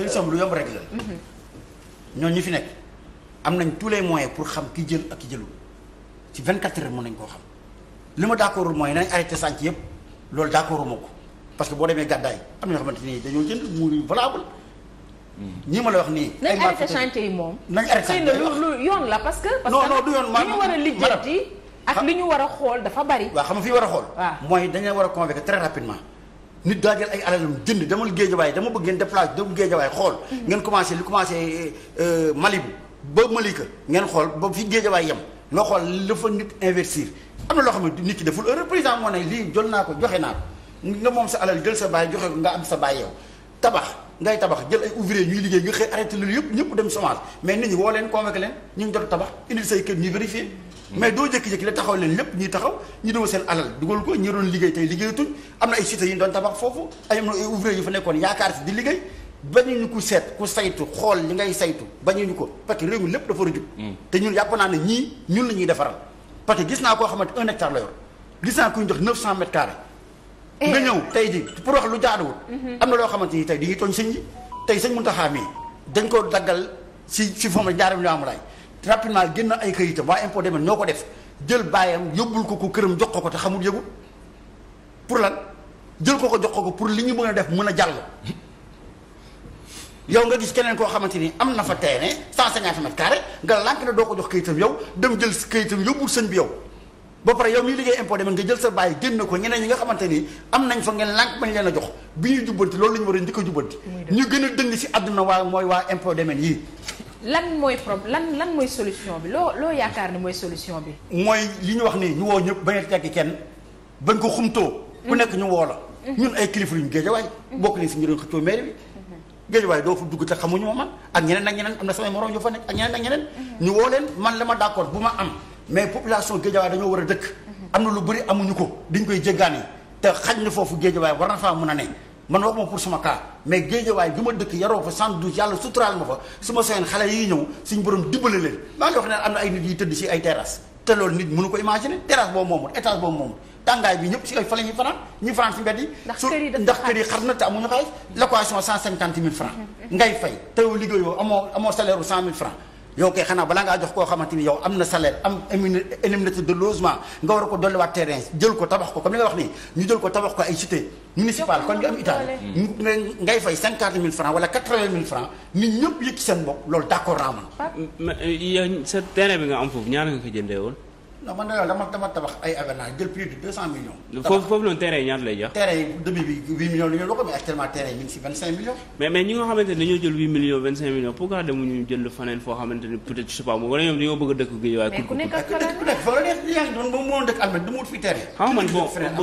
solution bi lu yomb rek la. ñooñu ñu fi nekk am nañ tous les moyens pour xam ki jël ak ki jëlul ci 24 heures mën nañ koo xam li ma d'accordul mooy nañ arrêté sànq yëpp loolu d'accorduma ko parce que boo demee gàddaay am na xamante ni dañoo jënd muur yu valable. Hmm. ñii ma la wax nii. ay nañ arrêté chantier yi moom. nañ arrêté chantier yi lu lu yoon la parce que. parce que non du yoon maanaam li ñu war a lijjanti ak li ñu war a xool dafa bari. waaw xam nga fi war a xool. mooy a convaincre très rapidement. nit daajal jël ay alalam jënd demal géejawaay dama bëgg ngeen déplacé dem géejawaay xool. Mm-hmm. ngeen commencé li commencé euh, euh, Malibu ba Malika ngeen xool ba fi géejawaay yam nga xool la fa nit investir. am na loo xam ne nit ki deful heure président moo ne lii jël naa ko joxe naa ko nga moom sa alal jël sa bàyyi joxe ko nga am sa bàyyi yow tabax. ngay tabax jël ay ouvrier ñuy liggéey nga xëy arrêté loolu yëpp ñëpp dem chômage mais nit ñi woo leen convoqué leen ñu jot tabax indil say kër ñu vérifié mais doo jékki-jékki da taxaw leen lépp ñuy taxaw ñu doon seen alal dugal ko ñi doon liggéey tey liggéeyatuñ am na ay cité yi ñu doon tabax foofu ay am na ay ouvrier yu fa nekkoon yaakaar si di saytu xool li ngay ko parce que réew mi lépp dafa rujub mm. te ñun yàpp naa ne ñii ñun la ñuy defaral parce que gis naa koo xamante un hectare la yor gis naa ku ñu jox eh. nga ñëw tey ji pour wax lu jaaduwul mm-hmm. am na loo xamante ni tey di ngi tooñ sëñ ji tey sëñ Muntaxa mii dañ koo daggal si si foom la ñaari million amulaay rapidement génn ay kayitam waa impôt demel ñoo ko def jël baayam yóbbul ko ko këram jox ko ko te xamul yëgul pour lan jël ko ko jox ko ko pour li ñu mën a def mën a jàll yow nga gis keneen koo xamante ni am na fa teene cent cinquante nga lànk na doo ko jox kayitam yow dem jël kayitam yóbbul sëñ bi yow ba pare yow miy liggéey impôt demel nga jël sa bàyyi génn ko ñeneen ñi nga xamante ni am nañ fa ngeen lànk bañ leen a jox bi ñuy jubbanti loolu la ñu war a njëkk a jubbanti ñu gën a dëng si àdduna waa mooy waa impôt demel yii lan mooy problème lan lan mooy solution bi loo loo yaakaar ne mooy solution bi. mooy li ñu wax nii ñu woo ñëpp ba a teggi kenn bañ ko xumtoo. ku nekk ñu woo la. Mm-hmm. ñun ay kilifa yu ñu géejawaay. Mm-hmm. bokk nañ si ñu doon xëccoo mairie bi. Mm-hmm. géejawaay doo fu dugg te xamuñu ma man ak ñeneen ak ñeneen am na samay morom yu fa nekk ak ñeneen ak ñeneen. ñu woo leen man la ma d'accord bu ma am. mais population géejawaay dañoo war a dëkk. am na lu bëri amuñu ko diñ koy jéggaani te xaj na foofu géejawaay war na faa mën a ne man waxuma pour sama cas mais géejawaay bi ma dëkk yaroo fa 112 yàlla suturaal ma fa su ma seen xale yi ñëw suñ borom dimbale leen maa ngi wax ne am na ay nit yuy tëdd si ay terrasse te loolu nit mënu ko imaginer terrasse boobu moomul étage boobu moomul tàngaay bi ñëpp si ay fa la ñuy fanaan ñuy si mbedd yi ndax kër xar na te amuñu xaalis location cent cinquante mille francs mm-hmm. ngay fay te yow liggéeyoo amoo amoo salaire cent mille yow kay xanaa balaa ngaa jox koo xamante ni yow am na salaire am indemnité de logement nga war a ko dolliwaat terrain jël ko tabax ko comme li nga wax nii ñu jël ko tabax ko ay cité municipal kon ñu am Italie ngay fay cinquante mille francs wala quatre-vingt mille francs nit ñëpp yëg ci seen bopp loolu d'accord naa man. sa terrain bi nga am foofu ñaana nga ko jëndee woon. non man da dama dama tabax ay avenage foofu foofu noonu yi ñaata lay jox. terrain yi demi bi huit millions la ñu loo dañoo jël huit millions vingt cinq millions pourquoi demuñu jël faneen foo xamante ne peut moom wala ñoom dañoo bëgg dëkk Guèye waaye. mais ku nekk ak